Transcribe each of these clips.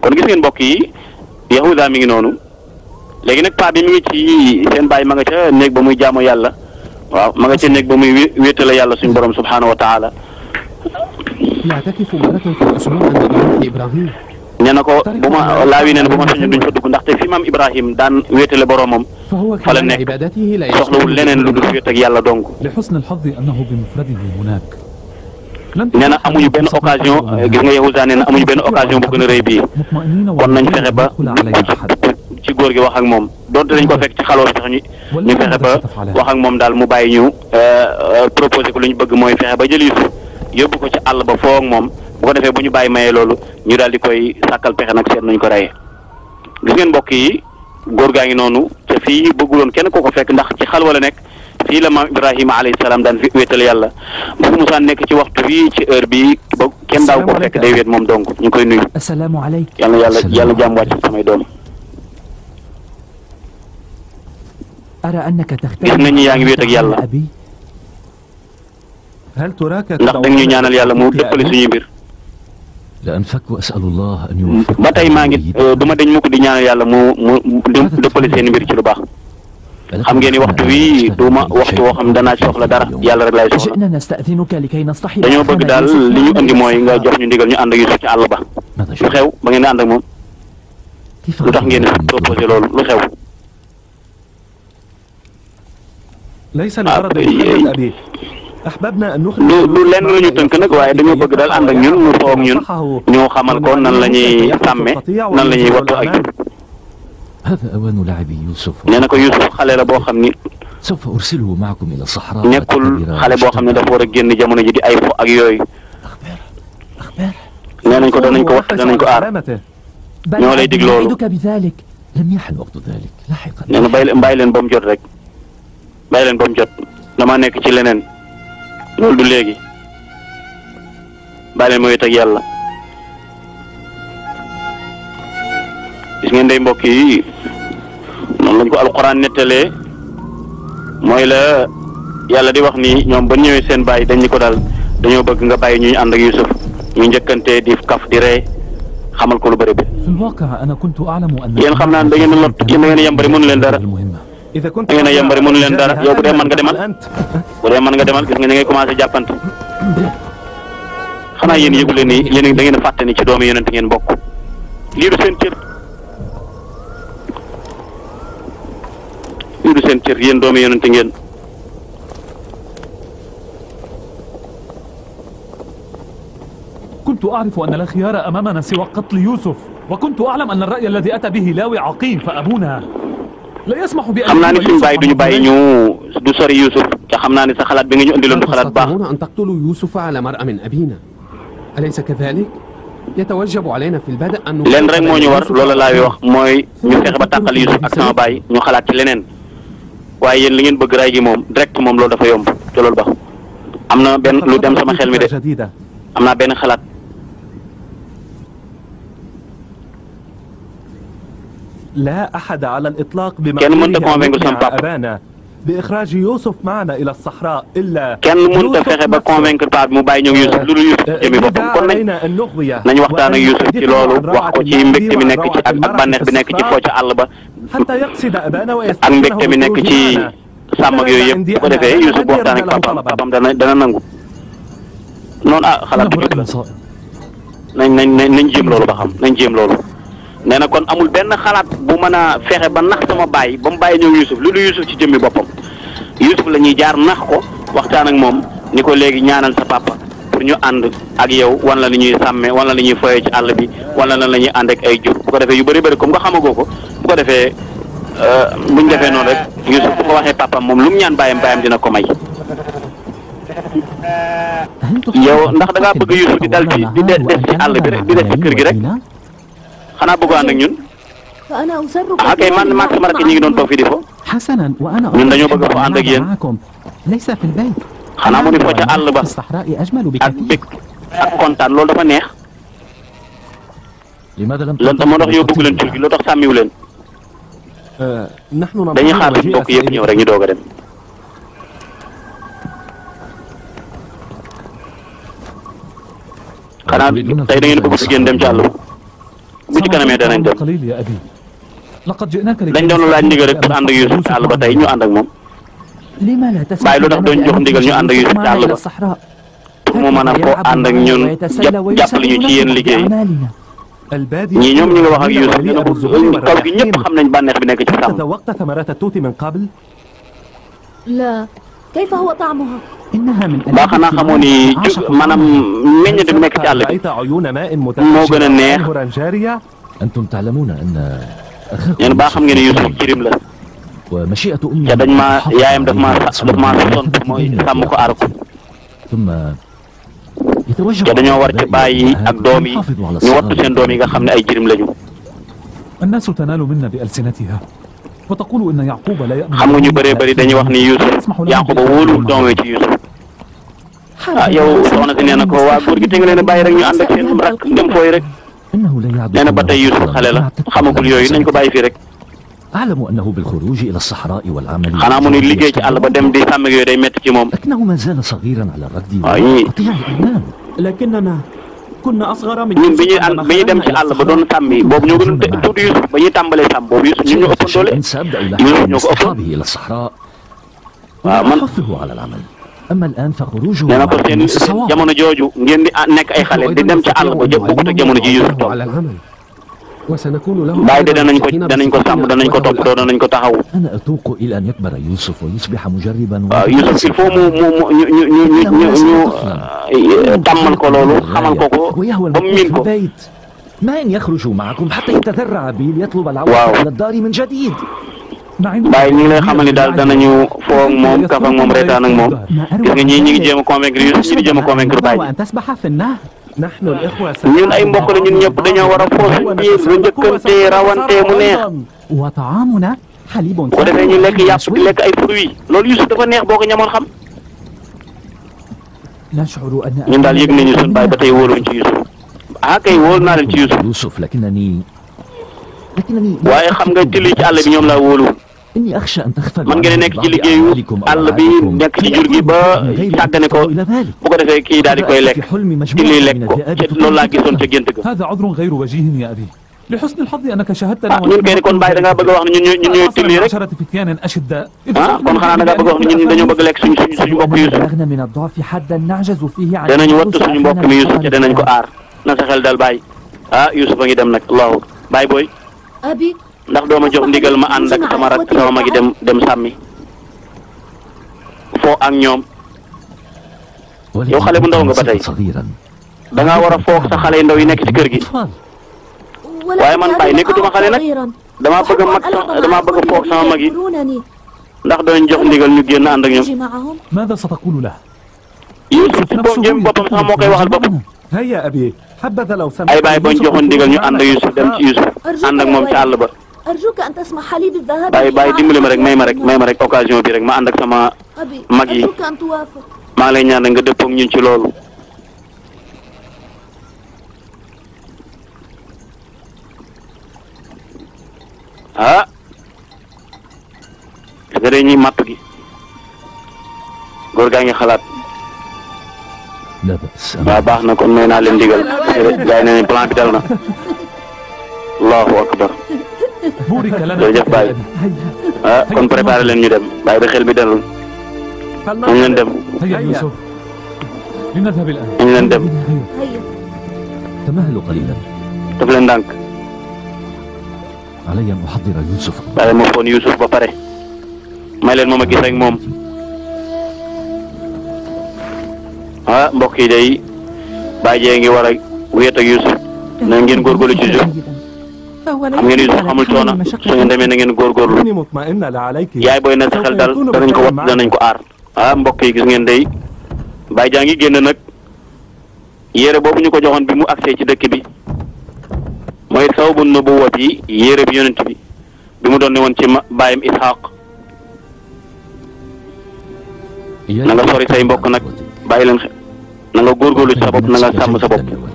kon gis ngeen mbokk yi Yahuda mi ngi noonu léegi nag paa bi mi ngi ci seen baay ma nga ca néeg ba muy jaamu yàlla waaw ma nga ca néeg ba muy wéetale yàlla suñ borom subhaanahu wa taala. na ko bu ma laawi nee na bu ma sañoon duñ fa dugg ndaxte fi maam Ibrahim daan wéetale boromam fa la nekk soxlawul leneen lu dul wéet ak yàlla dong. nee na amuñu benn occasion gis nga Yahuza nee na amuñu benn occasion bu gën a rëy bii kon nañ fexe ba ci góor gi wax ak moom donte dañ ko fekk ci xaloo sax ñu ñu fexe ba wax ak moom daal mu bàyyi ñu euh, euh, lu ñu bëgg mooy fexe ba jël Yuusuf ko ci àll ba foo ak moom bu ko defee bu ñu bàyyi mayee loolu ñu daal di koy sàkkal pexe nag seet nañ ko reyee gis ngeen mbokk yi góor gaa ngi noonu fi fii bëgguloon kenn ko ko fekk ndax ci xal wala nekk fii la maam Ibrahima alayhi salaam daan fi yàlla bu fi musaan nekk ci waxtu bii ci heure bi ba kenn daaw ko fekk day wéet moom dong ñu koy nuyu. asalaamaaleykum yàlla yàlla yàlla jàmm wàcc samay doom. gis nañu yaa ngi wéet ak yàlla. ndax da ñu ñaanal yàlla mu dëppale suñuy mbir. ba tey maa ngi eh, du ma dañ mukk di ñaanal yàlla mu mu dëppale seen mbir ci lu baax. xam ngeen ni waxtu wi duuma waxtu woo xam danaa soxla dara yàlla rek laay soxla dañoo bëgg daal li ñu indi mooy nga jox ñu ndigal ñu ànd ak Yuusuf ci àll ba lu xew ba ngeen di ànd ak moom lu tax ngeen di proposé loolu lu xew lu lu lenn la ñu tënk nag waaye dañoo bëgg daal ànd ak ñun mu soog ñun ñu xamal ko nan la ñuy sàmme nan la ñuy wattu ak nee na ko Youssouf xale la boo xam ni. nekkul xale boo xam ne dafa war a génn jamono ji di ay fo ak yooyu. nee nañ ko danañ ko wax danañ ko aar. ñoo lay dig loolu. nee na bàyyi bàyyi leen ba mu jot rek. bàyyi leen ba mu jot damaa nekk ci leneen. loolu du léegi. bàyyi leen mooy it ak yàlla. gis ngeen day mbokk yi noonu lañ ko alquran nettalee mooy la yàlla di wax ni ñoom ba ñëwee seen bàyyi dañ ñu ko daal dañoo bëgg nga bàyyi ñu ñu ànd ak Yusuf ñu njëkkante di kaf di ree xamal ko lu bëri bi yéen xam naa ne da ngeen a lot yéen da ngeen a yambari leen dara da ngeen a yambari mënu leen dara yow bu dee mën nga demal bu dee mën nga demal gis nga ni ngay commencé jàppante xanaa yéen yëgu leen ni yéen da ngeen a fàtte ni ci doomi yonent ngeen bokk du seen cër yéen doomi yonente ngeen كنت أعرف أن لا خيار أمامنا سوى قتل يوسف وكنت أعلم أن الرأي الذي أتى به لاوي عقيم فأبونا لا يسمح بأن xam naa ni suñu bàyyi duñu bàyyi ñu du sori Youssouf te xam naa ni sa xalaat bi nga ñu indiloon du xalaat baax. أن تقتلوا يوسف على مرأى من أبينا أليس كذلك؟ يتوجب علينا في البدء أن leen rek moo ñu war loola laay wax mooy ñu fexe ba tàqal Youssouf ak sama baay ñu xalaat ci leneen waaye yéen li ngeen bëgg ray gi moom direct moom loolu dafa yomb te loolu baax am na benn lu dem sama xel mi de am naa benn xalaat kenn mënta convaincre sama papa بإخراج يوسف معنا إلى الصحراء إلا kenn mënut fexe ba convaincre Pape mu bàyyi ñoom Youssouf lu dul Youssouf jëmi boppam kon nañ nañ waxtaan ak Youssouf ci loolu wax ko ci mbégte mi nekk ci ak ak bànneex bi nekk ci foo ak mbégte mi nekk ci sàmm ak yooyu yëpp bu ko defee Youssouf bu waxtaan ak papaam papaam dana dana nangu noonu ah xalaat bu jub la nañ nañ nañ jéem loolu ba xam nañ jéem loolu. nee na kon amul benn xalaat bu mën a fexe ba nax sama bàyyi ba mu bàyyi ñëw Youssouf lu dul Youssouf ci jëmmi boppam. Youssouf la ñuy jaar nax ko waxtaan ak moom ni ko léegi ñaanal sa papa pour ñu ànd ak yow wan la li ñuy sàmmee wan la li ñuy foyee ci àll bi wan la lan la ñuy ànd ak ay jur bu ko defee yu bëri bëri comme nga xamagoo ko bu ko defee euh, buñ defee noonu rek Youssouf bu ko waxee papam moom lu mu ñaan bàyyam bàyyam dina ko may. yow ndax da bëgg Youssouf di dal ci di des ci àll bi di des ci kër gi rek xanaa bëggoon ak ñun. ah kay man maag sama rakk ñi ngi doon toog fii di fo. ñun dañoo bëgg fo ànd ak yéen. xanaa mu ni fo ca àll ba ak bég ak kontaan loolu dafa neex. lan moo tax yóbbu leen tur gi loo tax sàmmiw leen. dañuy xaar si mbokk yëpp ñëw rek ñu doog a dem. xanaa tey da ngeen bëgg si geen dem ci àll bu ci kanamee danañ dem. dañ doon laaj ndigal rek pour ànd ak Yuusuf ci àll ba tey ñu ànd ak moom bàyyi lu tax doon jox ndigal ñu ànd ak Yuusuf ci àll ba pour mu mën a ko ànd ak ñun jàppale ñu ci yéen liggéey ñii ñoom ñu ngi wax ak Yuusuf ñu ne ko kaw gi ñëpp xam nañ bànneex bi nekk ci sàmm. ba xanaa xamoo ni ju maanaam meññeent bi nekk ci àll bi moo gën a neex. neen baa xam ngeen ne Youssouf jirim la te dañ maa yaayam daf maa daf maa sosoon mooy sàmm ko aar ko te dañoo war ci baay yi ak doom yi ñu wattu seen doom yi nga xam ne ay jirim lañu. xam nga ñu bëree bëri dañuy wax ni Youssouf Yaquba wóolul doomee ci Youssouf ah yow soxna si nee na ko waa góor gi te nga leen a bàyyi rek ñu ànd ak seen rakk dem fooy rek. nee na ba tey Youssouf xale la xamagul yooyu nañ ko bàyyi fii rek. xanaa mu ni liggéey ci àll ba dem di sàmm yooyu day métti ci moom. waaw yii. ñun bi ñuy ànd bi ñuy dem ci àll ba doon sàmm yi boobu ñoo gën a tuuti Youssouf ba ñuy tàmbalee sàmm boobu Youssouf ñun ñoo ëppoon doole Youssouf ñoo ko ëppoon waaw man. nee na ko seen jamono jooju ngeen di ah, nekk ay xale di dem ca àll ba jëm bokkut ak jamono ji Yuusuf toog bàyyi de danañ ko danañ ko sàmm danañ ko toppatoo danañ ko taxaw waaw ah, Yuusuf il faut mu mu mu ñu ñu ñu ñu tàmmal ko loolu xamal ko ko ba mu miin ko. waaw. Baye ñu ngi lay xamal ni daal danañu foo ak moom kaf ak moom reetaan ak moom gis nga ñii ñi ngi jéem a convaincre Youssouf ñi di jéem a convaincre Baye ñun ay mbokk la ñun ñëpp dañoo war a foo suñu biir lu njëkkante rawante mu neex bu ko defee ñu lekk yàpp di lekk ay fruits loolu Youssouf dafa neex boo ko ñamoon xam ñu daal yëg nañu suñu Baye ba tey wóoluñ ci Youssouf ah kay wóolu naa leen waaye xam nga ci li ci àll bi ñoom laa wóoluwul man ngeen nekk ci liggéeyu àll bi nekk ci jur gi ba sàggane ko bu ko defee kii daal di koy lekk ci lii lekk ko ca loolu laa gisoon ca gént ga لحسن الحظ انك شاهدتنا ñun kay kon bàyyi da ngaa bëgg a wax ne ñun ñun ñooy tilli rek ah kon xanaa da ngaa bëgg a wax ne ñun dañoo bëgg lekk suñu suñu suñu mbokk Yuusuf danañ wattu suñu mbokk mi Yuusuf te danañ ko aar na sa xel dal bàyyi ah Yuusuf a ngi dem nag allahu bàyyi booy abi ndax doo ma jox ndigal ma ànd ak sama rak sama magi dem dem sàmmi foo ak ñoom yow xale bu ndaw nga ba tey da ngaa war a foog sa xale yu ndaw yi nekk ci kër gi waaye man bàyyi nekkatuma xale nag damaa bëgg a mag damaa bëgg a foog sama mag yi ndax dooñ jox ndigal ñu génn ànd ak ñoom. Yuusuf ci boom jëm boppam sax moo koy waxal boppam. ay baay booñ joxoon ndigal ñu ànd ak dem ci Yuusuf ak moom ci àll ba. bàyyi bàyyi dimbali ma rek may ma rek may ma rek occasion bi rek ma ànd sama mag yi maa ngi lay ñaan nga dëppoog ñun ci loolu. ah gis nga dañuy gi góor gaa ngi xalaat waaw baax na kon may naa leen digal gars yi ne plan bi dal na allahu akbar jërëjëf Baye ah kon préparé leen ñu dem Baye ba xel bi dalul nañ leen dem nañ leen dem daf leen ndànk Baye ma foon Youssouf ba pare may leen moom a gis moom ah mbokk yi day Baye jee ngi war a wéet ak Youssouf na ngeen góorgóorlu xam ngeen Yuusuf amul coono su ngeen demee na ngeen góorgóorlu yaay booy na sa xel dal danañ ko wat danañ ko aar ah mbokk yi gis ngeen day Baye jaa ngi génn nag yére boobu ñu ko joxoon bi mu agsee ci dëkk bi mooy sawbun nubuwwat yi yére bi yonent bi bi mu doon ne woon ci baayam Isxaaq na nga sori say mbokk nag bàyyi leen xel na nga góorgóorlu ci sa bopp na sàmm sa bopp.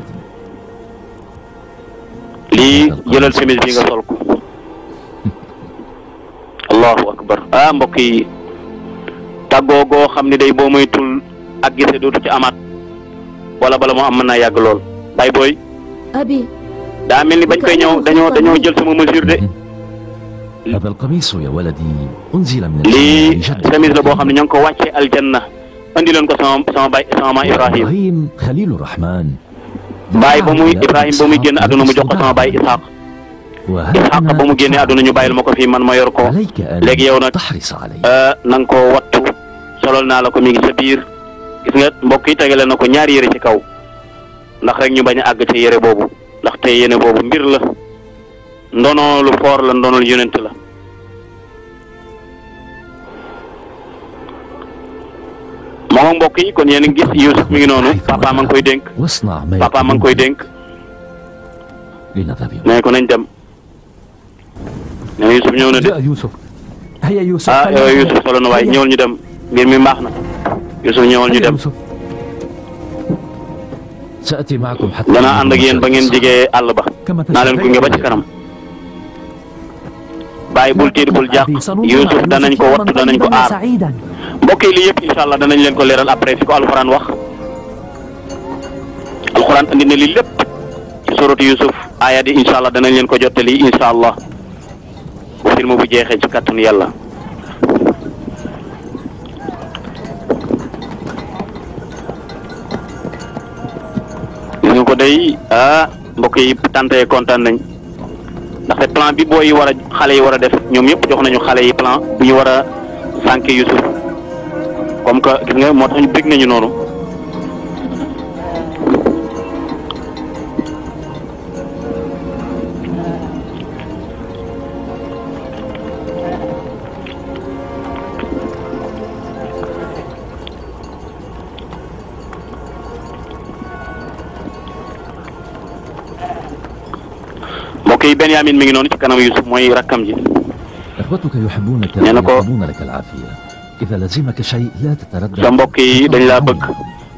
lii jëlal chemise bi nga sol ko allahu akbar ah mbokk yi tàggoo goo xam ne day boo moytul ak gise dootu ci amaat wala bala moo am mën naa yàgg lool bay booy abi daa mel ni bañ koy ñëw dañoo dañoo jël sama mesure de lii chemise la boo xam ne ñoo ngi ko wàccee aljanna andi ko sama bay sama ma Ibrahim Khalilur Rahman baay ba muy Ibrahima ba muy génn àdduna mu jox ko a baay Isxaaq Isxaaq ba mu génnee àdduna ñu bàyyil ma ko fii man ma yor ko léegi yow nag euh, na nga koo wattu solol naa la ko mi ngi sa biir gis nga mbokk yi tegale na ko ñaari yére ci kaw ndax rek ñu bañ a àgg ci yére boobu ndax te yéene boobu mbir la ndono lu foor la ndonol yonent la moo nga mbokk yi kon yéen a ngi gis Youssouf mi ngi noonu papa ma koy dénk papa ma ngi koy dénk ne ko nañ dem ne na Youssouf ñëw na de ah Youssouf solo na waaye ñëwal ñu dem mbir mi mbaax na Youssouf ñëwal ñu dem danaa ànd ak yéen ba ngeen jigee àll ba naa leen gunge ba ci kanam bàyyi bul tiit bul jàq Youssouf danañ ko wattu danañ ko aar mbokk yi lii yëpp incha allah danañ leen ko leeral après fi ko alxuraan wax alxuraan andi na lii lépp ci soratu Yusuf aaya di incha allah danañ leen ko jottali incha allah bu film bu jeexee ci kàttanu yàlla. gis nga ko day ah mbokk yi tante kontaan nañ ndaxte plan bi booy yi war a xale yi war a def ñoom yëpp jox nañu xale yi plan bu ñu war a sànke Yusuf. comme que gis nga moo tax ñu bég nañu noonu mbokk yi Benyamin mi ngi noonu ci kanam Yusuf mooy rakkam ji nee na ko sa mbokk yi dañ laa bëgg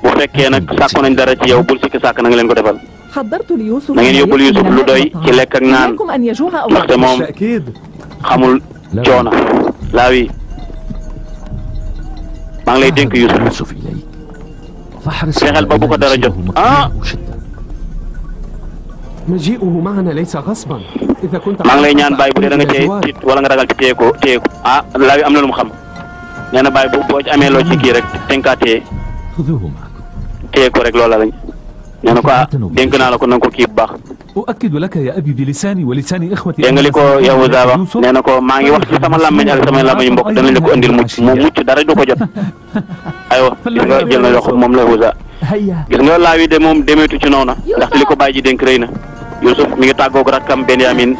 bu fekkee nag sàkku nañ dara ci yow bul sikki sàkk na nga leen ko defal na ngeen yóbbul Yuusuf lu doy ci lekk ak naan ndaxte moom xamul coona laawi maa ngi lay dénk Yuusuf fexeel ba bu ko dara jot ah maa ngi lay ñaan bàyyi bu dee da nga cee tiit wala nga ragal ci téye ko téye ko ah laawi am na lu mu xam. nee na bàyyi bu boo ci amee loo ci kii rek tënkaatee téye ko rek loola lañ nee na ko ah dénk naa la ko na ko kii bu baax. dégg nga li ko Yahuza wax nee na ko maa ngi wax ci sama làmmiñ ak sama làmmiñ mbokk danañ la ko andil mucc mu mucc dara du ko jot aywa gis nga jël na loxo moom la Yahuza gis nga laawi de moom demeetu ci noona ndax li ko baay ji dénk rëy na. Youssouf mi ngi tàggoog rakkam Benyamin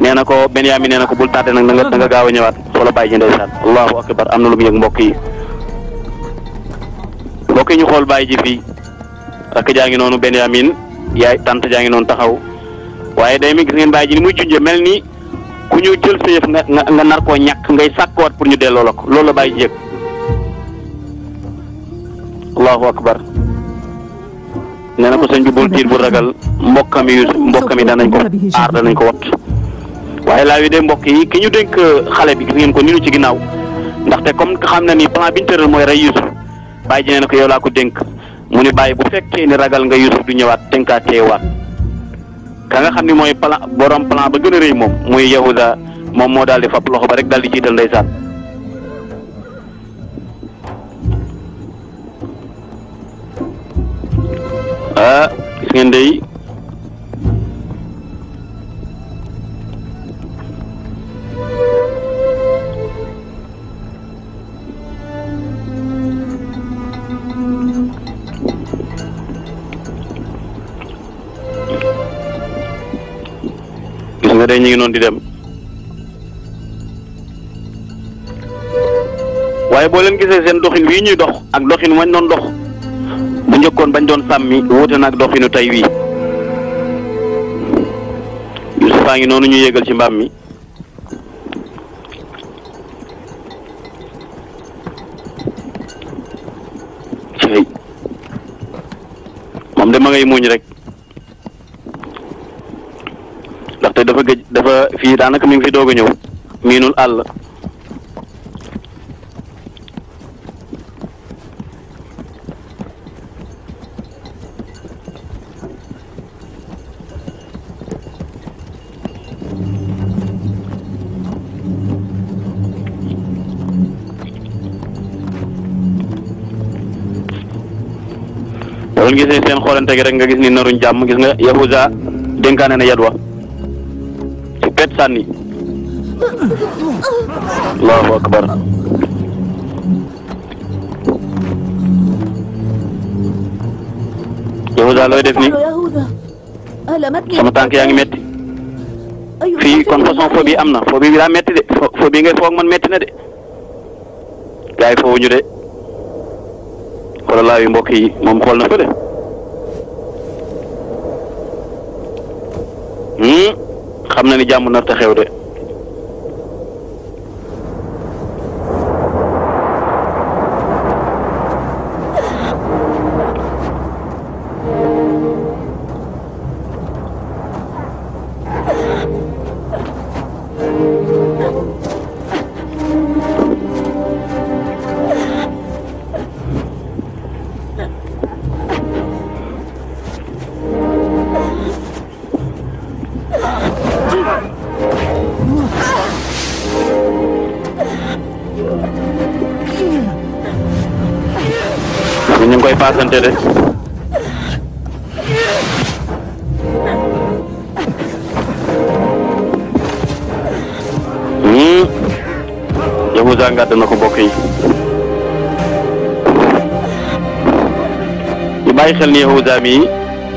nee na ko Benyamin nee na ko bul tardé nag na nga gaaw a ñëwaat soo la bàyyi ji ndeysaan allahu akbar am na lu mu yëg mbokk yi mbokk yi ñu xool bàyyi ji fii rakk jaa ngi noonu Benyamin yaay tant jaa ngi noonu taxaw waaye day mi gis ngeen bàyyi ji ni muy junjee mel ni ku ñu jël sa yëf nga nga nar koo ñàkk ngay sàkkoot pour ñu delloo la ko loolu la bàyyi ji yëg allahu akbar nee na ko sëñ bi bul bu ragal mbokkam yu mbokkam yi danañ ko aar danañ ko wat waaye laa wi de mbokk yi ki ñu dénk xale bi gis ngeen ko ni ñu ci ginnaaw ndaxte comme xam na ni plan bi ñu tëral mooy rey Yuusuf bàyyi ji nee na ko yow laa ko dénk mu ni bàyyi bu fekkee ni ragal nga Yuusuf du ñëwaat dénkaat teewaat ka nga xam ni mooy plan borom plan ba gën a rëy moom muy Yahuda moom moo daal di fab loxo ba rek daal di jiital ndeysaan ah gis ngeen day gis nga day ñu noon di dem waaye boo leen gisee seen doxin wii ñuy dox ak doxin wañ noonu dox njëkkoon bañ doon sàmmi wuute nag doxinu tey wii Yuusufaa ngi noonu ñu yégal ci mbaam mi cey moom de ma ngay muuñ rek ndaxte dafa gëj dafa fii daanaka mi ngi fi doog a ñëw miinul àll boo leen gisee seen xoolante gi rek nga gis ni naruñ jàmm gis nga Yahuza dénkaane na yadwa ci pet sànni allahu akbar def ni sama tànk yaa ngi metti fi kon façon phobie am na phobie daa metti de phobie ngay foog man metti na de gaay foofu ñu de wala laayu mbokk yi moom xool na fële. Hmm? xam na ni jàmm nar ta xew de. paasante de Yahuza ngàdd na ko bokk yi ñu bàyyi xel ni Yahuza mi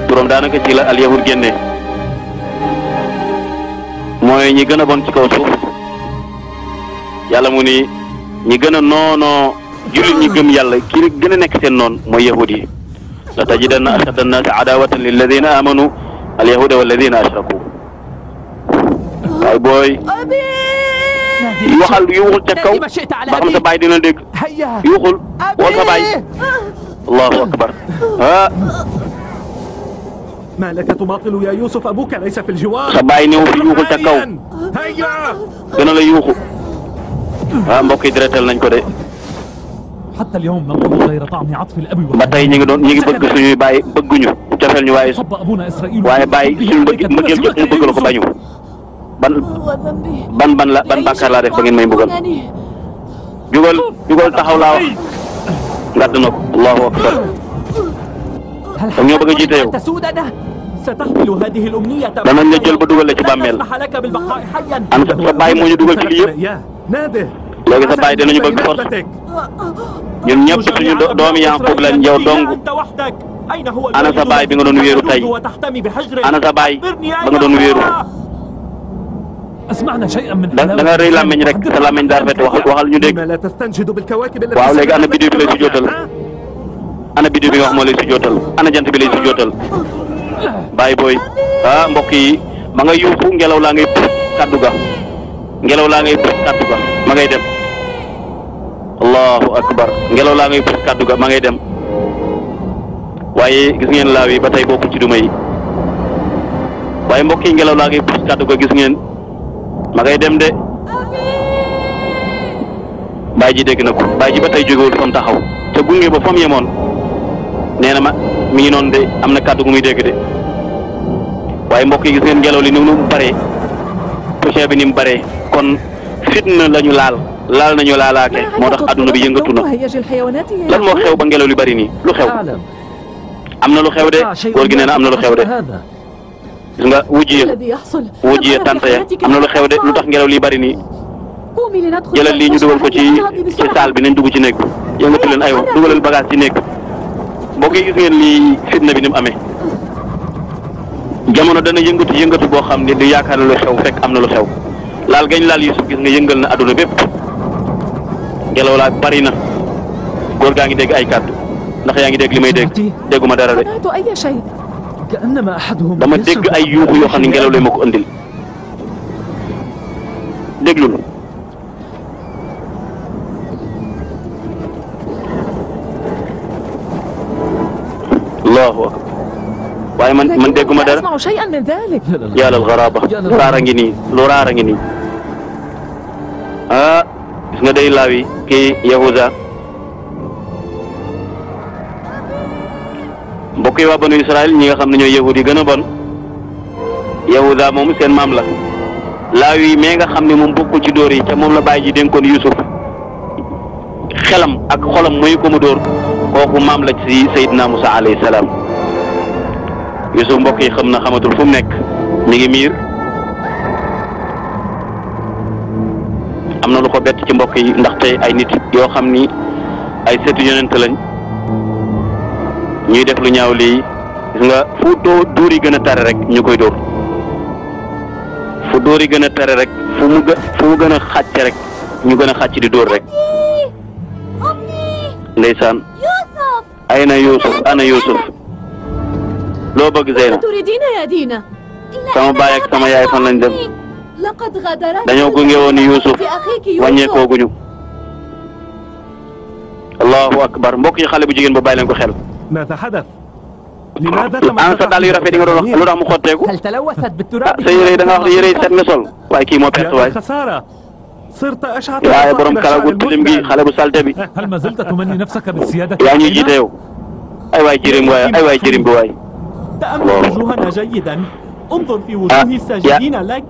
turam daanaka ci la al yahud génne mooy ñi gën bon ci kaw suuf yàlla mu ni ñi gën noonoo jullit ñi gëm yàlla kii gën a nekk seen noonu mooy yahud yi la tajidanna ashadda annaasi adawatan lilladina amanu al yahuda walladina ashraku waaye booy waxal yuuxul ca kaw ba xam sa baay dina dégg yuuxul woo sa baay allahu akbar ah ما لك تماطل يا يوسف أبوك ليس في الجوار sa baay ñëw fi yuuxul ca kaw gën a la yuuxu ah mbokk yi direetal nañ ko de ba tey ñu ngi doon ñu ngi bëgg suñuy bàyyi bëgguñu cofeel ñu waaye waaye bàyyi suñu mbëgg mbëggeel jëpp ñu bëgg la ko bañu ban ban ban la ban bàkkaar laa def ba ngeen may mbugal jugal jugal taxaw laa wax ngàdd na ko allahu akbar ñoo bëgg a jiite yow danañ la jël ba dugal la ci bàmmeel am sa sa bàyyi moo ñu dugal ci lii yëpp léegi sa bàyyi dinañu bëgg force ñun ñëpp suñu doomi Yaaqub lañ yow dong ana sa baay bi nga doon wéeru tey ana sa baay ba nga doon wéeru da da nga rëy làmmiñ rek sa làmmiñ daa rafet wax waxal ñu dégg waaw léegi ana biddiw bi lay si jootal ana biddiw bi nga wax moo lay si jootal ana jant bi lay si jootal bàyyi booy ah mbokk yi ma nga yuuxu ngelaw laa ngay puus kàddu ngelaw laa ngay puus kàddu ma ngay dem. allahu akbar ngelaw laa ngay puus kàddu ga ma ngay dem waaye gis ngeen laaw yi ba tey bokku ci duma yi waaye mbokk yi ngelaw laa ngay puus kàddu ga gis ngeen ma ngay dem de baay ji dégg na ko baay ji ba tey jógewul fa taxaw te gunge ba fa yemoon nee na ma mi ngi noonu de am na kàddu gu muy dégg de waaye mbokk yi gis ngeen ngelaw li ni mu baree poussière bi ni mu baree kon fitna lañu laal laal nañu laalaake moo tax adduna bi yëngatu na lan moo xew ba ngelaw li bari nii lu xew am na lu xew de góor gi nee am na lu xew de gis lu xew lu tax ngelaw li bari nii jëlal lii ñu dugal ko ci ci saal bi nañ dugg ci néeg bi yëngatu leen aywa dugalal bagage ci néeg mbokk yi gis ngeen lii bi ni mu jamono dana yëngatu yëngatu boo xam ne di yaakaar na lu xew fekk am na lu xew laal gañ laal Yuusuf gis nga yëngal na adduna bépp ngelaw laa bari na góor gaa ngi dégg ay kàddu ndax yaa ngi dégg li may dégg dégguma dara de dama dégg ay yuuxu yoo xam ne ngelaw lay ma ko andil déglul allahu akbar waaye man man dégguma dara yàlla al garaaba lu raara ngi nii lu raara ngi nii ah gis nga day laaw yi kii yahuda mbokk yi waa banu israel ñi nga xam ne ñooy yahud yi gën a bon yahuda moom seen maam la laaw yi mais nga xam ne moom bokkul ci dóor yi te moom la bàyyi ji dénkoon yusuf xelam ak xolam mooy ko mu dóor kooku maam la ci sayidina musa alayhi salaam yusuf mbokk yi xam na xamatul fu mu nekk mi miir lu ko bett ci mbokk yi ndaxte ay nit yoo xam ni ay seetu yonent lañ ñuy def lu ñaaw lii gis nga fu doo dóor yi gën a tare rek ñu koy dóor fu dóor yi gën a tare rek fu mu gë fu mu gën a xàcce rek ñu gën a xàcc di dóor rek ndeysaan ay na Yuusuf ana Yuusuf loo bëgg Zeyna sama baay ak sama yaay fan lañ dem dañoo gunge woon Yuusuf wàññeekooguñu allahu akbar mbokk yi xale bu jigéen ba bàyyi leen ko xel. an ah, sa dàll yu rafet yi nga doon wax lu tax mu xotteeku ah sa yére yi da nga wax ne yére yi set nga sol waaye kii moo perte waay. waaye borom kala gu tilim gi xale bu salte bi. yaa ñuy jiite yow. ay waay jërim waay ay waay jërim bi waay. waaw. ah yaa.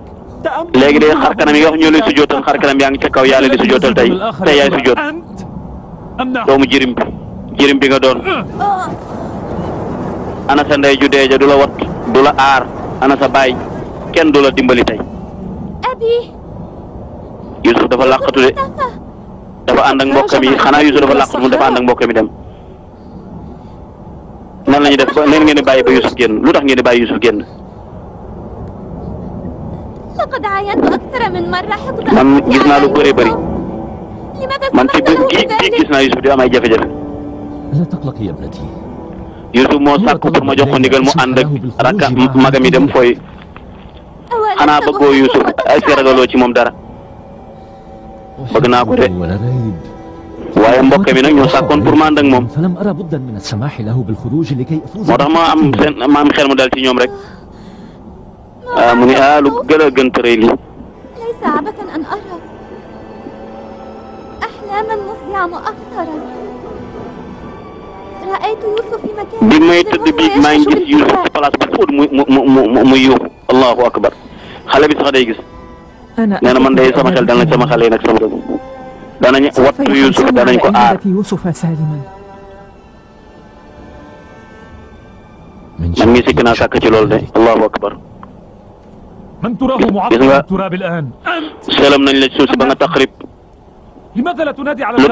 léegi de xar kanam yi nga xam ñoo lay sujootal xar kanam yaa ngi ca kaw yàlla di sujootal tey tey yaay sujoot doomu jirim bi jirim bi nga doon ana sa ndey ju dee ja du la wat du la aar ana sa baay kenn du la dimbali tey Yusuf dafa làqatu de dafa ànd ak mbokkam yi xanaa Yusuf dafa làqatu mu dafa ànd ak mbokkam yi dem nan la ñuy def ba neen ngeen di ba Yusuf génn lu tax ngeen di bàyyi Yusuf génn man gis naa lu bëree bëri man ci bés gi gi gis naa Youssouf di am ay jafe-jafe Youssouf moo sàkk pour ma jox ko ndigal mu ànd ak rakka magam yi dem fooy xanaa bëggoo Youssouf ay ragaloo ci moom dara bëgg naa ko de waaye mbokk mi nag ñoo sàkkoon pour ma ànd ak moom moo tax ma am seen ma am xel mu dal ci ñoom rek. Ah, mu ne ah lu gën a gën tëray lii. bi may tëdd bi maa ngi gis Youssouf ci place bu fóot mu mu mu mu yuuxu allahu akbar xale bi sax day gis. nee na man day sama xel dana sama xale yi nag sama dëgg danañ wattu Youssouf danañ ko aar. man mii sikk naa sàkk ci loolu de allahu akbar gis nga seelam nañ la suuf si ba nga taqrib lu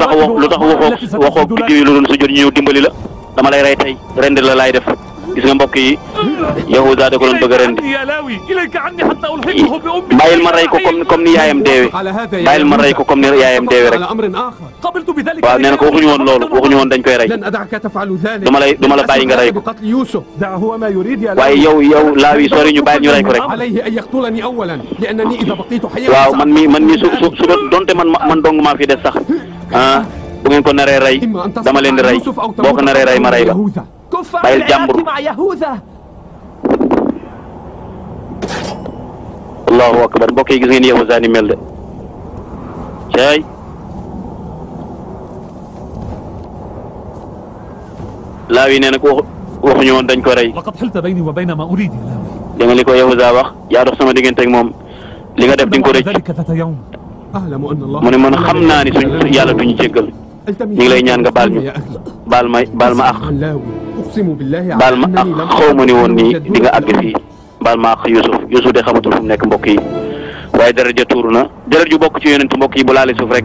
tax wax lu tax waxoo waxoo biddiw yi lu doon sujjóot ñu ñëw dimbali la dama lay rey tey rend la laay def gis nga mbokk yi yahuda da ko doon bëgg a rendi bàyyil ma rey ko comme comme ni yaayam deewe bàyyil ma rey ko comme ni yaayam deewe rek waaw nee na ko waxuñu woon loolu waxuñu woon dañ koy rey du ma lay du ma la bàyyi nga rey ko waaye yow yow laawi sori ñu bàyyi ñu rey ko rek waaw man mi man mi su su su donte man man dong maa fi des sax ah bu ngeen ko naree rey dama leen di rey boo ko naree rey ma rey la. bàyyil jàmbur allahu akbar mbokk yi gis ngeen yahuusa ni mel de caay laaw yi nee na ko waxuñu woon dañ ko rey da nga li ko yahuusa wax yaa dox sama diggante ak moom li nga def di nga ko rëcc mu ne man xam naa ni suñ yàlla duñu jéggal ñu ngi lay ñaan nga baal ñu baal ma baal ma àq baal ma àq xaw ma ni woon ni di nga àgg fii baal ma àq Youssouf Youssouf de xamatul fu nekk mbokk yi waaye daraja tuur na deret ju bokk ci yonent mbokk yi bu laale suuf rek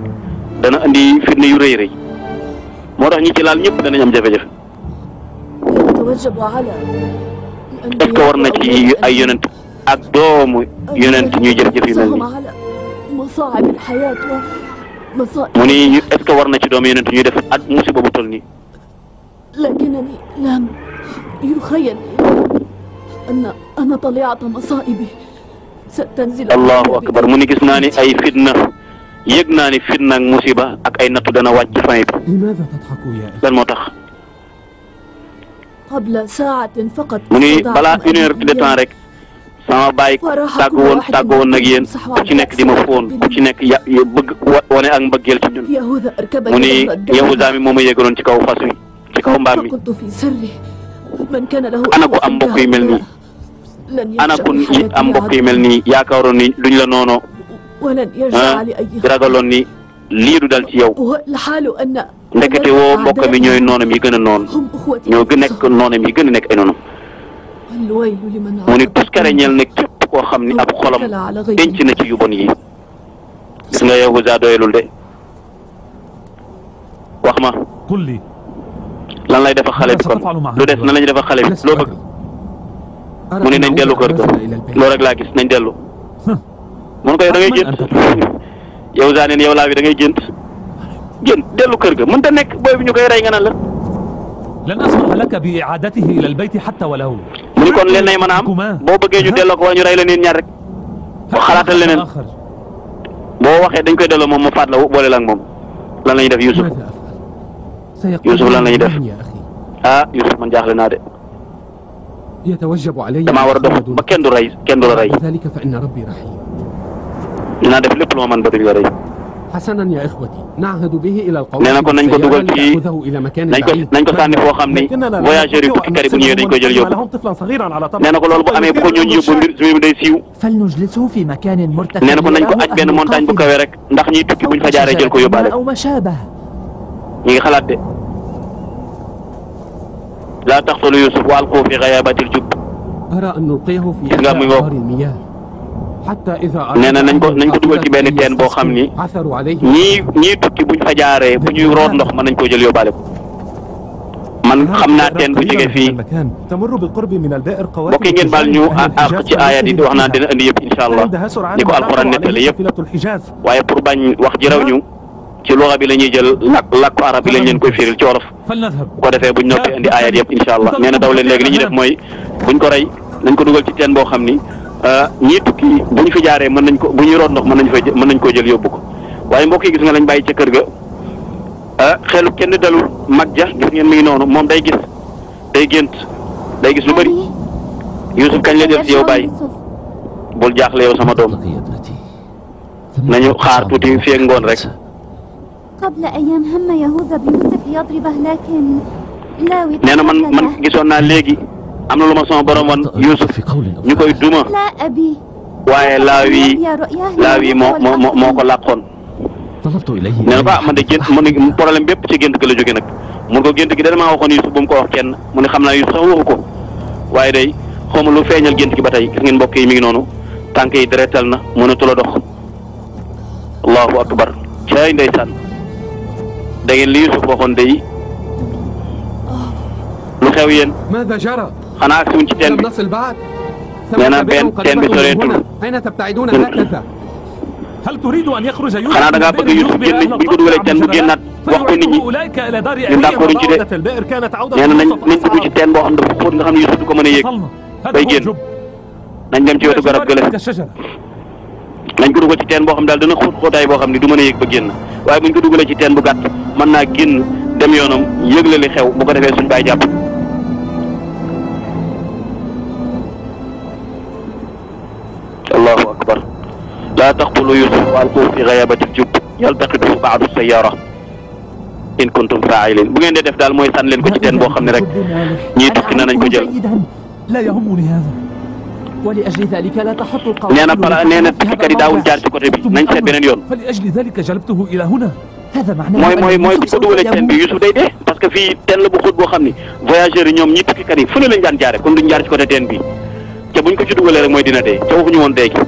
dana andi firnde yu rëy rëy moo tax ñi ci laal ñëpp danañ am jafe-jafe. est-ce war na ci ay yonent ak doomu yonent ñuy jëf-jëf yu mel nii. mu ni ñu est-ce que war na ci doomu yonent ñuy def at musiba bu toll nii. allahu akbar mu ni gis naa ni ay fitna yëg naa ni fitna ak musiba ak ay nattu dana wàcc fin lan moo tax. mu ni balaa une heure de temps rek. sama baay tàgg woon tàgg woon nag yéen ku ci nekk di ma foon ku ci nekk ya bëgg wane ak mbëggeel ci ñun mu ni yahuda mi moo ma yéegaloon ci kaw fas wi ci kaw mbaam mi ana ko am mbokk yu mel nii ana ko am mbokk yu mel nii yaakaaroon ni duñ la noonoo ah ragaloon ni lii du dal ci yow ndekete woo mbokk mi ñooy noonam yi gën a noonu ñoo gën nekk noonam yi gën a nekk ay noonam mu ne tuskare ñeel ne képp koo xam ni ab xolam denc na yu bon yi gis nga yahuda doyelul de wax ma lan lay defa xale bi kon lu des na lañ defa xale bi loo bëgg mu ne nañ dellu kër ga loolu rek laa gis nañ dellu mun ko yow da ngay gént yow zaa yow laa bi da ngay gént gént dellu kër ga mënta nekk booy bi ñu koy rey nga naan la lan asmaha laka bi i'aadatihi ila albayt hatta walaw mu ni kon leen nay mën boo bëggee ñu delloo ko wala ñu rey la nit boo xalaatal leneen boo waxee dañ koy delloo moom ma faat la boole la moom lan la def Youssouf Youssouf lan la ñuy def ah Youssouf man jaaxle naa de damaa war a dox ba kenn du rey kenn du la rey dinaa def lépp lu ma mën ba duñ حسنا يا اخوتي نعهد به الى القوم nee na kon nañ ko dugal ci nañ ko nañ ko sànni foo xam ni voyageurs yi tukkikat yi bu ñëwee dañ koy jël yóbbu nee na ko loolu bu amee bu ko ñooñu yóbbu mbir mbir mi day siiw nee na ko nañ ko aj benn montagne bu kawe rek ndax ñiy tukki buñ fa jaaree jël ko yóbbaale ñi ngi xalaat de laa taxtulu Yusuf wa alquu fi gayaabatil jubb gis nga muy woo nee na nañ ko nañ ko dugal ci benn teen boo xam ni ñii ñii tukki buñ fa jaaree root ndox mën nañ koo jël yóbbaale ko man xam naa teen bu jege fii mbokk yi ngeen baal ñu àq ci aayat yi wax naa dina andi yëpp incha allah ni ko alquran nettali yëpp waaye pour bañ wax ji ñu ci luxa bi la ñuy jël làkk làkku arab bi lañ leen koy firil ci wolof bu ko defee buñ noppee andi aayat yëpp incha allah nee na daw leen léegi li ñuy def mooy buñ ko rey nañ ko dugal ci teen boo xam ni Euh, ñii tukki bu ñu fi jaaree mën nañ ko bu ñuy root ndox mën nañ ko mën nañ koo jël yóbbu ko waaye mbokk yi gis nga lañ bàyyi ca kër ga ah xelu kenn dalul mag ja gis ngeen mi noonu moom day gis day gént day gis lu bëri Youssouf kañ lay def si yow bàyyi bul jaaxle yow sama doom nañu xaar tuuti fii ngoon rek. nee na man man gisoon naa léegi. am na lu ma sama borom wan Yuusuf ñu koy duma waaye laawi laawi moo moo moo ko làqoon nee na ko ah man de gént man problème bépp ci gént gi la jóge nag mun ko gént gi da maa waxoon Yuusuf bu mu ko wax kenn mu ne xam naa Yuusuf sax waxu ko waaye day xaw ma lu feeñal gént gi ba tey gis ngeen mbokk yi mi ngi noonu tànk yi deretal na mënatul a dox allahu akbar caay ndeysaan da li Yuusuf waxoon day lu xew yéen xanaa agsiwuñ ci teen bi nee na benn teen bi soreetul xanaa da ngaa bëgg Youssouf génn bu ñu wax ko nit ñi na ko mën a yéeg bay génn nañ dem ci wetu garab nañ ko dugal ci teen boo xam daal dana xóot xóotaay boo xam ne du mën a yéeg ba génn waaye buñ ko dugalee ci teen bu gàtt mën naa génn dem yoonam yëgle xew bu ko defee suñ jàpp. alqu fi ghayabatil jubb yaltaqitu ba'du sayyara in kuntum fa'ilin bu ngeen dee def daal mooy sànni leen ko ci teen boo xam ne rek ñii tukki na nañ ko jël nee na pala nee na tukkikat yi daawul jaar ci côté bi nañ seet beneen yoon mooy mooy mooy bu ko dugalee teen bi Youssouf day dee parce que fii teen la bu xóot boo xam ni voyageurs yi ñoom ñi tukkikat yi fu ne lañ daan jaare kon duñ jaar ci côté teen bi te buñ ko ci dugalee rek mooy dina dee te waxuñu woon dee gi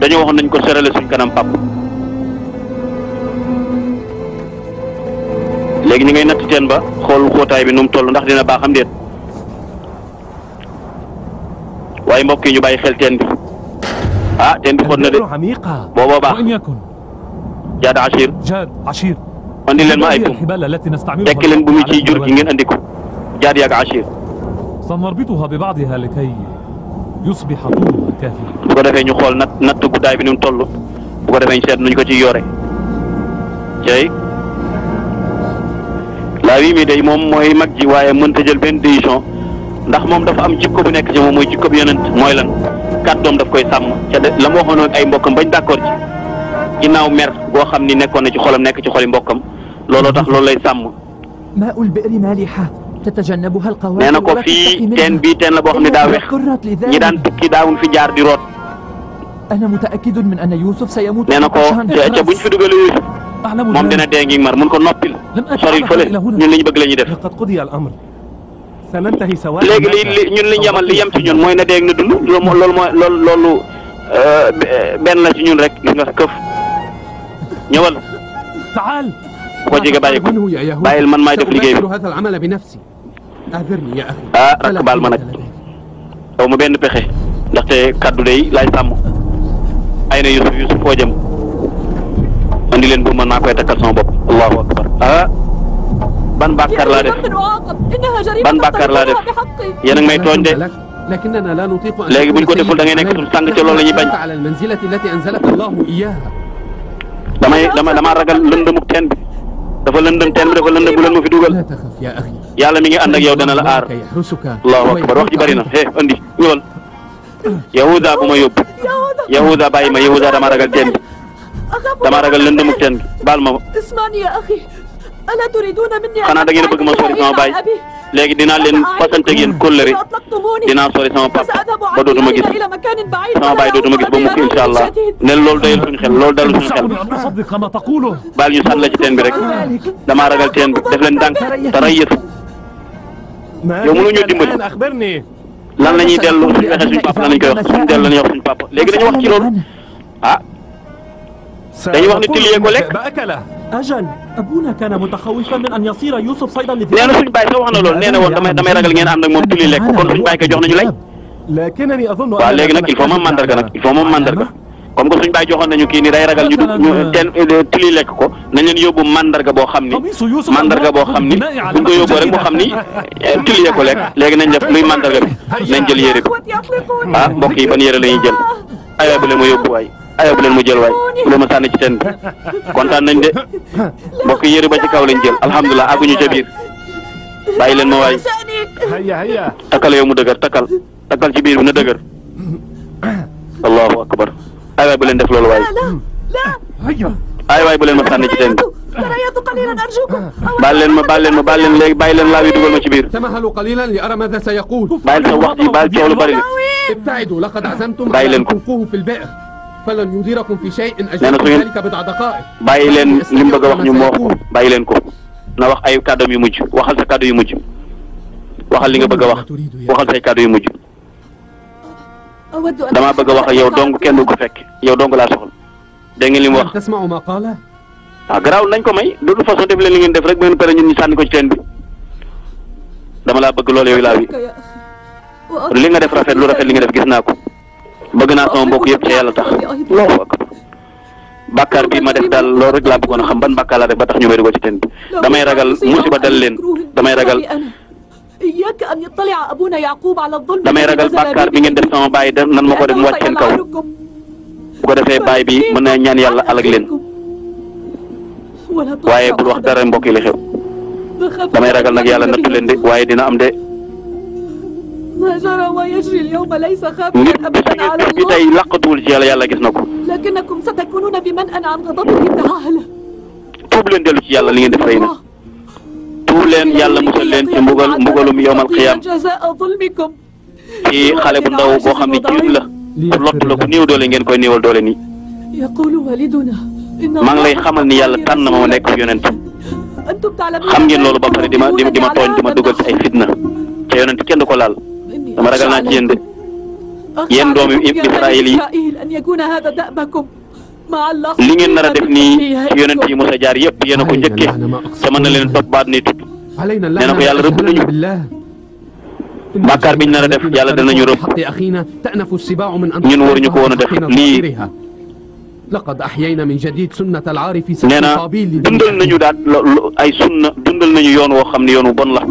dañu waxoon nañ ko serale suñ kanam pàpp léegi ñu ngay natt ba xool xóotaay bi nu mu toll ndax dina baax am déet waaye mbokk yi ñu bàyyi xel teen bi ah teen bi xóot na de booboo baax jaad ashir andi leen ma ay buum tekki leen bu mu ciy jur gi ngeen andi ko jaad yaag ashir sanarbituha bi baadiha likay yusbiha bu ko defee ñu xool nat natt guddaay bi ni mu toll bu ko defee ñu seet nuñ ko ci yore cey laa wi mii day moom mooy mag ji waaye mënta jël benn décision ndax moom dafa am jikko bu nekk ci moom mooy jikko bu yonent mooy lan kàddoom daf koy sàmm ca de la mu waxoon ak ay mbokkam bañ d'accord ci ginnaaw mer boo xam ni nekkoon na ci xolam nekk ci xoli mbokkam looloo tax loolu lay sàmm. nee na ko fii teen la boo xam ne daa wex ñi daan tukki daawuñ fi jaar di root. nee na ko ca buñ fi dugalee Yuusuf moom dina dee ngi mar mun ko noppil soril fële ñun li ñu bëgg la ñuy def. léegi li li ñun li ñu yamal li yem ci ñun mooy na dee na dund loolu mooy loolu loolu euh, benn la ci ñun rek gis nga këf ñëwal. bu ko jege bàyyi ko bàyyil man maay def liggéey bi. ah rakk baal ma nag aw ma benn pexe ndaxte kaddu day laay sàmm ay na yusuf yusuf foo jëm andi leen bu ma naa koy takkal sama bopp allahu akbar ah ban bàkkaar laa def ban bàkkaar laa def yéen a ngi may tooñ de léegi buñ ko deful da ngay nekkatul sàng ca loolu la ñuy bañ damay dama dama ragal lëndëmuk teen bi dafa lëndëm teen bi dafa lëndëm bu leen fi dugal yàlla mi ngi ànd ak yow dana la aar allahu akbar wax ji bari na eh andi ñëwal yahuda bu ma yóbbu yahuda bàyyi ma yahuda dama ragal teen bi dama ragal lëndëmuk teen bi baal ma xanaa da ngeen a bëgg ma sori sama baay léegi dinaa leen fasante ak yéen kóllëre dinaa sori sama papa ba dootuma gis sama baay dootuma gis ba mukk incha allah ne loolu dayal suñu xel loolu dalul suñu xel baal ñu sànni la ci teen bi rek damaa ragal teen bi leen dànk dara yëtu yow mënoo ñoo dimbali lan la ñuy dellu suñu waxee suñu papa lan la ñu koy wax suñu dellu la ñuy wax suñu papa léegi dañu wax ci loolu ah, dañuy wax ne tiliye ko lekk. ajal abuna kaana mutaxawifan min an wax na loolu nee na woon damay damay ragal ngeen ànd ak moom tiliye lekk kon suñu bàyyi ko jox nañu lay. waaw léegi nag il faut moom mandarga nag il faut moom mandarga comme ni day ragal ñu du ñu ten tili lekk ko nañ leen yóbbu boo xam ni mandarga boo xam ni buñ ko yóbboo rek moo xam ni tili ko lekk léegi nañ def luy mandarga bi nañ jël yére bi ah mbokk yi ban yére la ñuy jël aywa bu le ma yóbbu waay aywa bu leen ma jël waay bu leen ma sànni ci teen bi kontaan nañ de mbokk yëri ba ci kaw lañ jël alhamdulilah àgguñu ca biir bàyyi leen ma waay takkal yow mu dëgër takkal takkal ci biir bi na dëgër allahu akbar ay waay bu leen def loolu waay ay waay bu leen ma sànni ci teen bi baal leen ma baal leen ma baal leen léegi bàyyi leen laaw yi dugal ma ci biir bàyyi sa wax ji baal coow lu bari bàyyi leen ko falan yudirakum fi shay'in ajabtum dhalika bi daqa'iq bàyyi leen li mu bëgg a wax ñu moo ko bàyyi leen ko na wax ay kàddoom yu mujj waxal sa kàddu yu mujj waxal li bëgg a wax waxal say kàddu yu mujj damaa bëgg wax yow dong kenn du ko fekk yow dong laa soxla dégg ngeen li mu wax ah garaaw nañ ko may de toute façon def leen li ngeen def rek ba ngeen pare ñun ñu sànni ko ci teen bi dama laa bëgg loolu yooyu laa wi li nga def rafet lu rafet li nga def gis naa ko bëgg naa sama mbokk yëpp ca yàlla tax bàkkaar bi ma def daal loolu rek laa bëggoon a xam ban bàkkaar laa def ba tax ñu bëri ko ci teen damay ragal musiba dal leen damay ragal damay ragal bàkkaar bi ngeen def sama baay nan ma ko def mu wàcc seen kaw bu ko defee baay bi mën na ñaan yàlla alag leen waaye bul wax dara mbokk yi li xew damay ragal nag yàlla nattu leen de waaye dina am de ما جرى ويجري اليوم ليس خافيا أبدا على الله tey laqatuwul ci yàlla yàlla gis na ko لكنكم ستكونون بمن أنا عن غضبه تعالى tuub leen dellu ci yàlla li ngeen def rëy na tuub leen yàlla musal leen ci mbugal mbugalum yowmal qiyaam ci xale bu ndaw boo xam ne jiit la ku lott la ku néew doole ngeen koy néewal doole nii maa ngi lay xamal ni yàlla tànn ma ma nekk fi yonent xam ngeen loolu ba pare di ma di ma tooñ di ma dugal ci ay fitna ca yonent kenn du ko laal dama ragal naa ci yéen de yéen doomi Israël yi li ngeen nar a def nii ci yonent yi jaar yëpp yéen a ko njëkkee te mën na leen topp baat ni tudd nee na ko yàlla rëbb nañu bàkkaar biñ nar a def yàlla danañu rëbb ñun waruñu ko woon a def lii. laqad axyayna min jadid sunnat al-aarif nee na dundal nañu daal ay sunna dundal nañu yoon woo xam ne yoon bon la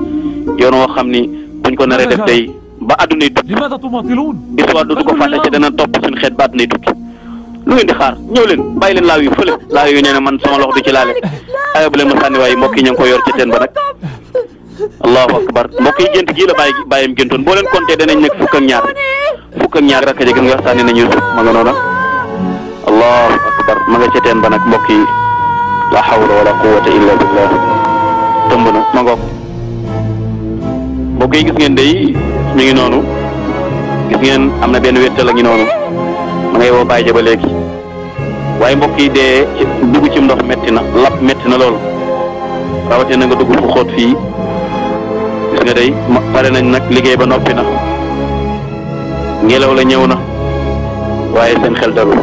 yoon woo xam ni buñ ko naree def day. ba addunay tukki histoire dootu ko fàtte ci dana topp suñu xeet ba addunay tukki lu ngeen di xaar ñëw leen bàyyi leen laaw yu fële laaw yu nee man sama loxo du ci laale ayo bu leen ma sànni waaye mbokk yi ña ngi ko yor ci teen ba nag allahu akbar mbokk yi gént gii la bàyyi bàyyam géntoon boo leen compté danañ nekk fukk ak ñaar fukk ak ñaar rakk ja gën nga sànni nañu Yuusuf ma nga noona allahu akbar ma nga teen ba nag mbokk yi la hawla wala quwwata illa billah tëmb na ma ngoog mbokk yi gis ngeen day mi ngi noonu gis ngeen am na benn wéttal a ngi noonu ma ngay woo bàyyi ba léegi waaye mbokk yi dee ci dugg ci ndox metti na lap metti na lool rawatee na nga dugg fu xóot fii gis nga day pare nañ nag liggéey ba noppi na ngelaw la ñëw na waaye seen xel dalul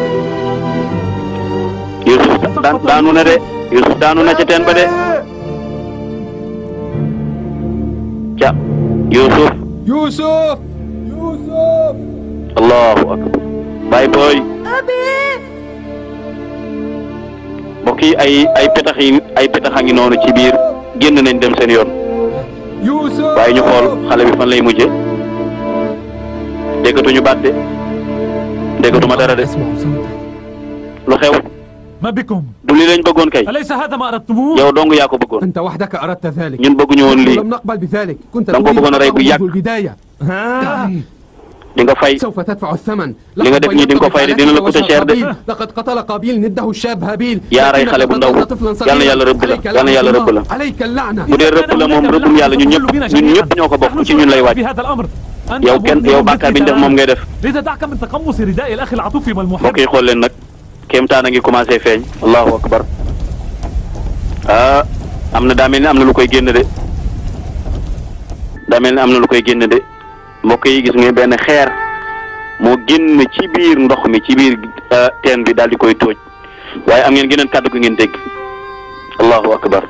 Yusuf daanu na de Yusuf daanu na ca teen ba de ca Yusuf Yusuf Yusuf allahu akbar baay booy mbokk yi ay ay petax ay petax a ngi noonu ci biir génn nañ dem seen yoon waaye ñu xool xale bi fan lay mujje déggatuñu baat de déggatuma dara de lu xew ma bikum du lii lañ bëggoon kay alaysa hada ma aradtum yow dong yaa ko bëggoon anta wahdaka aradta dhalik ñun bëgguñu woon lii lam naqbal bi dhalik kunta da nga ko bëggoon a rey bu yàgg di nga fay سوف تدفع الثمن li nga def ñii di nga ko fay de dina la coûter cher de لقد قتل قابيل نده الشاب هابيل yaa rey xale bu ndaw yal na yàlla rëbb la yal na yàlla rëbb la عليك اللعنة bu dee rëbb la moom rëbbum yàlla ñun ñëpp ñun ñëpp ñoo ko bokk ci ñun lay wàcc yow kenn yow bàkkaar bi ñu def moom ngay def mbokk yi xool leen nag kéemtaan a ngi commencé feeñ allahu akbar ah, am na daa mel ni am na lu koy génn de daa ni am na lu koy génn de mbokk yi gis nga benn xeer moo génn ci biir ndox mi ci biir ah, teen bi daal di koy tóoj waaye am ngeen geneen kàddu ko ngeen dégg allahu akbar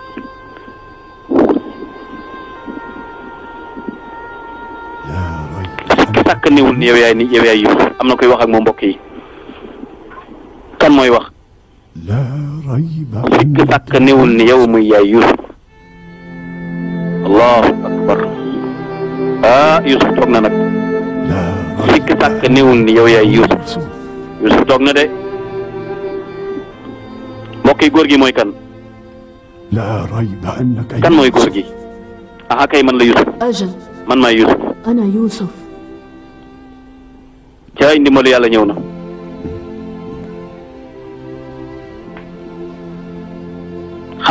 sikki sàkk néewul ni yaay ni am na koy wax ak moom mbokk yi kan mooy wax sikk sàkk néewul ni yow muy yaay Yuusuf allahu akbar ah Yuusuf toog na nag sikk sàkk néewul ni yow yaay Yuusuf Yuusuf toog na de mbokk yi góor gi mooy kan kan mooy góor gi aha kay man la Yuusuf man maay Yuusuf caay ndimbalu yàlla ñëw na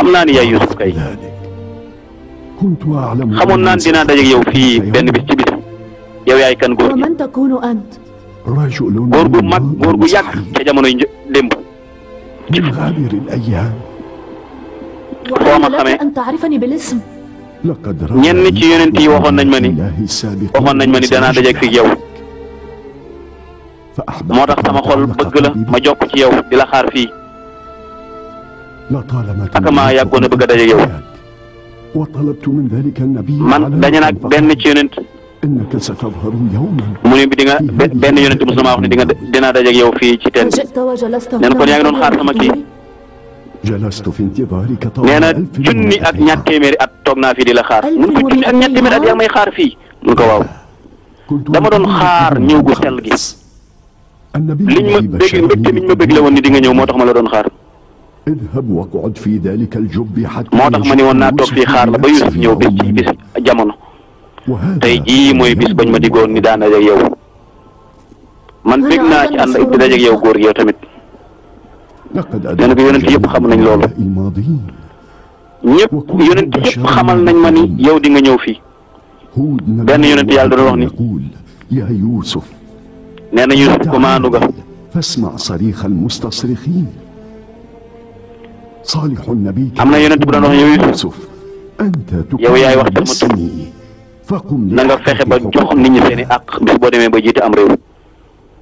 xam naa ni yaay kay xamoon naa ne dinaa dajeeg yow fii benn bis ci bis yow yaay kan góor gi góor gu mag góor gu yàgg ca jamonoy një démb. foo ma xamee ñenn ci yonent yi waxoon nañ ma ni waxoon nañ ma ni danaa dajeeg fii yow moo tax sama xol bëgg ma jokk ci yow di la xaar ak maa yàggoon a bëgg a daje yow man dañu nag benn ci yonent mu ne bi di nga benn yonent mos na maa wax ne di nga dinaa daje ak yow fii ci teen neen kon yaa ngi doon xaar sama kii nee na junni ak ñaar téeméeri at toog naa fii di la xaar mun ko junni ak ñaar téeméeri at yaa may xaar fii mun ko waaw dama doon xaar ñëw gu sell gi liñ ma bég mbégte ma woon ni di ñëw moo tax ma la doon xaar moo tax ma ne woon naa toog fii xaar la ba Yuusuf ñëw bis ci bis jamono tey jii mooy bis bañ ma digoon ni daan dajeeg yow man bég naa ci ànd ak dajeeg yow góor gi yow tamit nee na ko yonent yëpp xam nañ loolu ñëpp yonent yëpp xamal nañ ma ni yow di nga ñëw fii benn yonent yàlla doon wax ni nee na Yuusuf commande ga am na yonent bu doon wax yow Yuusuf yow yaay wax sama tur na nga fexe ba jox nit ñi seen i àq bis boo demee ba jiite am réew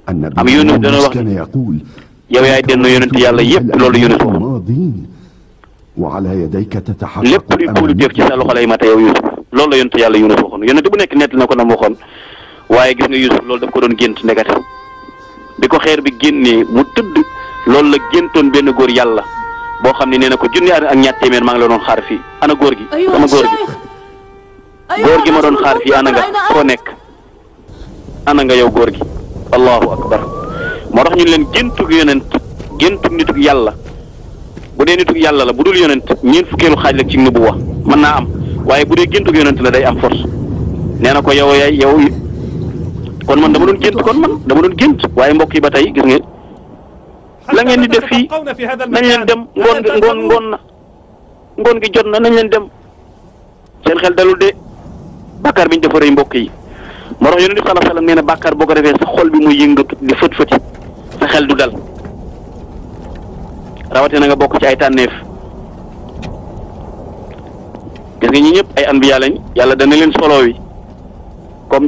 am Yunus dana wax yow yaay denn yonent yàlla yëpp loolu Yunus waxoon lépp luy politique ci sa loxo lay mate yow Yuusuf loolu la yonent yàlla Yunus waxoon yonent bu nekk nett na ko na mu waxoon waaye gis nga Yuusuf lool daf ko doon gént négatif bi ko xeer bi génnee mu tëdd loolu la géntoon benn góor yàlla. boo xam ne nee na ko junni ak ñaar téeméer maa ngi la doon xaar fii ana góor gi sama góor gi ma doon xaar fii ana nga foo nekk ana nga yow góor gi allahu akbar moo tax ñu leen géntug yonent géntug nitug yàlla bu dee nitug yàlla la bu dul yonent ñeent fukkeelu xaaj la ci nubuwa mën naa am waaye bu dee géntu yonent la day am force nee na ko yow yaay yow kon man dama doon gént kon man dama doon gént waaye mbokk yi ba tey gis nga la ngeen di def fii nañ leen dem ngoon ngoon ngoon na ngoon gi jot na nañ leen dem seen xel dalul de bàkkaar bi ñu defaree mbokk yi moo tax yonent bi sallallahu alayhi wa sallam nee na bàkkaar boo ko defee sa xol bi mu yëngatu di fët fëti sa xel du dal rawatina nga bokk ci ay tànneef gis nga ñi ñëpp ay anbiya lañ yàlla dana leen solo wi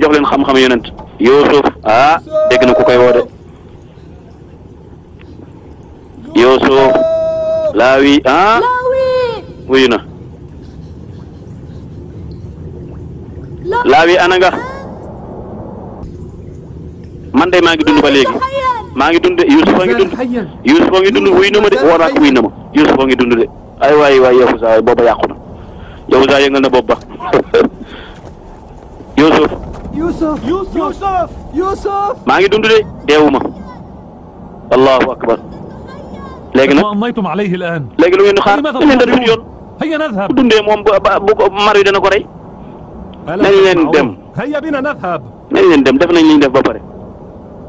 jox leen xam-xam yonent Youssouf ah dégg na ku koy woo Yuusuf Laawi ah wuyu na Laawi ana nga man de maa ngi dundu ba léegi maa ngi dund de Yuusuf a ngi dund Yuusuf na ma de waraak wuyu na ma Yuusuf a ngi dund de ay waay waay Yahuza waay booba na Yahuza ba Yuusuf maa ngi dund de deewuma allahu akbar léegi nag maytum alayhi al'an léegi lu ngeen di xaar dañ leen def ñu yoon hayya nadhhab bu dundee moom bu ko mar wi dana ko rey nañ leen dem hayya bina nadhhab nañ leen dem def nañ li ñu def ba pare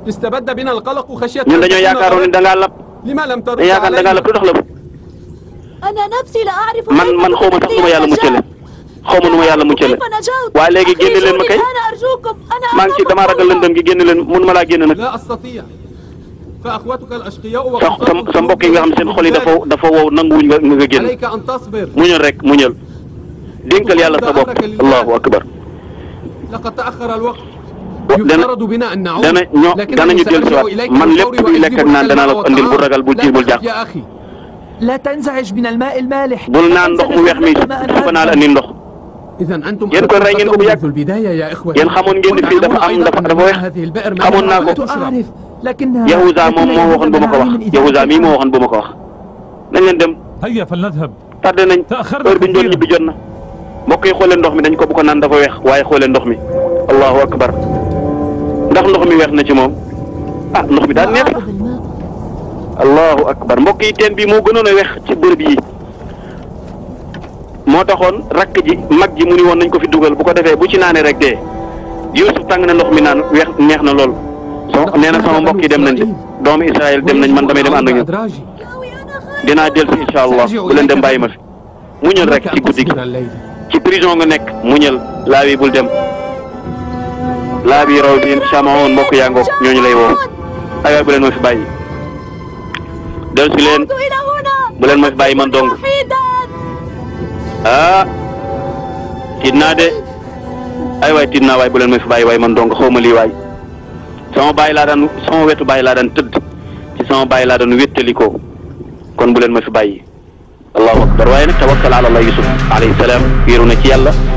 istabadda bina al-qalaq khashyatan ñun dañoo yaakaaroon ne da ngaa lab dañ yaakaar da ngaa lab lu tax labu man man xaw ma sax nu ma yàlla muccale xaw ma nu ma yàlla muccale waaye léegi génne leen ma kay maa ngi ci dama ragal lëndëm gi génne leen mënu ma laa génne nag sa sa mbokk yi nga xam ne seen xol yi dafa dafa wow nanguwuñ nga génn muñal rek muñal dénkal yàlla sa bopp allahu akbar dana dana ñoo danañu dellu si waat man lépp luy lekk ak naan danaa la ko andil bu ragal bu jiir bul jàq bul naan ndox mu weex mi dafa naa andil ndox yéen kon rey ko bu yàgg yéen xamoon ngeen fii dafa am dafa weex xamoon naa ko. Yahuza moom moo waxoon ba ma ko wax Yahuza mii moo waxoon ba ma ko wax nañ leen dem tardé nañ heure bi ñu doon ñibbi jot na mbokk yi xoolee ndox mi dañ ko bu ko naan dafa weex waaye xoolee ndox mi allahu akbar ndax ndox mi weex na ci moom ah ndox mi daal neex allahu akbar mbokk yi teen bii moo gënoon a weex ci bërëb yi moo taxoon rakk ji mag ji mu ni woon nañ ko fi dugal bu ko defee bu ci naanee rek dee Yuusuf tàng na ndox mi naan weex neex na lool so nee na sama mbokk yi dem nañ de doomu Israël dem nañ man damay dem ànd ak ñoom dinaa jël si incha allah bu leen dem bàyyi ma fi muñal rek ci guddi gi ci prison nga nekk muñal laa bi bul dem laa bi raw bi sama mbokk yaa ngoog ñooñu lay woo ay waay bu leen ma fi bàyyi del si leen bu leen ma fi bàyyi man dong ah tiit naa de ay waay tiit naa waay bu leen ma fi bàyyi waay man dong xaw ma lii waay sama bàyyi laa daan sama wetu bàyyi laa daan tëdd ci sama bàyyi laa daan wéttali ko kon bu leen ma fi bàyyi allahu akbar waaye nag tawakkal ala allah yusuf alayhi salaam wéeru na ci yàlla